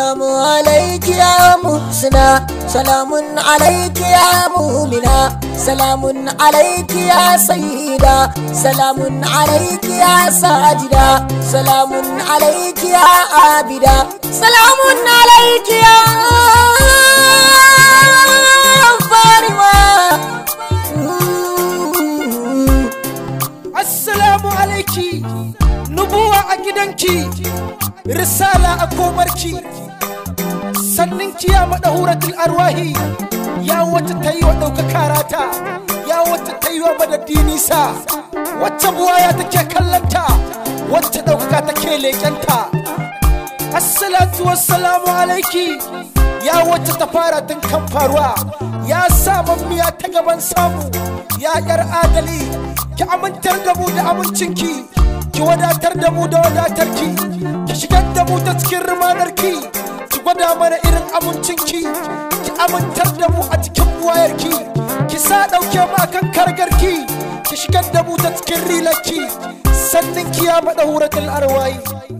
salamu alaiki ya muhsina salamun alaiki ya mumina salamun alaiki ya Sayida salamun alaiki ya sajida salamun alaiki ya abida salamun alaiki ya farima mm. assalamu alaiki nubuwa a gidanki risala a komarki sannin kiya maɗahuratul arwahi ya wata ta yi wa ɗaukaka rata ya wata ta yi wa nisa wacce buwaya take kallanta wacce ɗaukaka take leƙenta assalatu wassalamu alaiki ya wacce ta fara tun kan faruwa ya sa miya ta gaban samu ya yar adali ki amintar da mu da amincinki ki wadatar da mu da wadatarki ki shigar da mu ta cikin rumanarki ki gwada mana irin amincinki ki Ki amintar da mu a cikin wayarki ki sa ɗauke mu akan kargarki ki shigar da mu ta cikin rilarki sannan ki ya maɗa huratul arwayi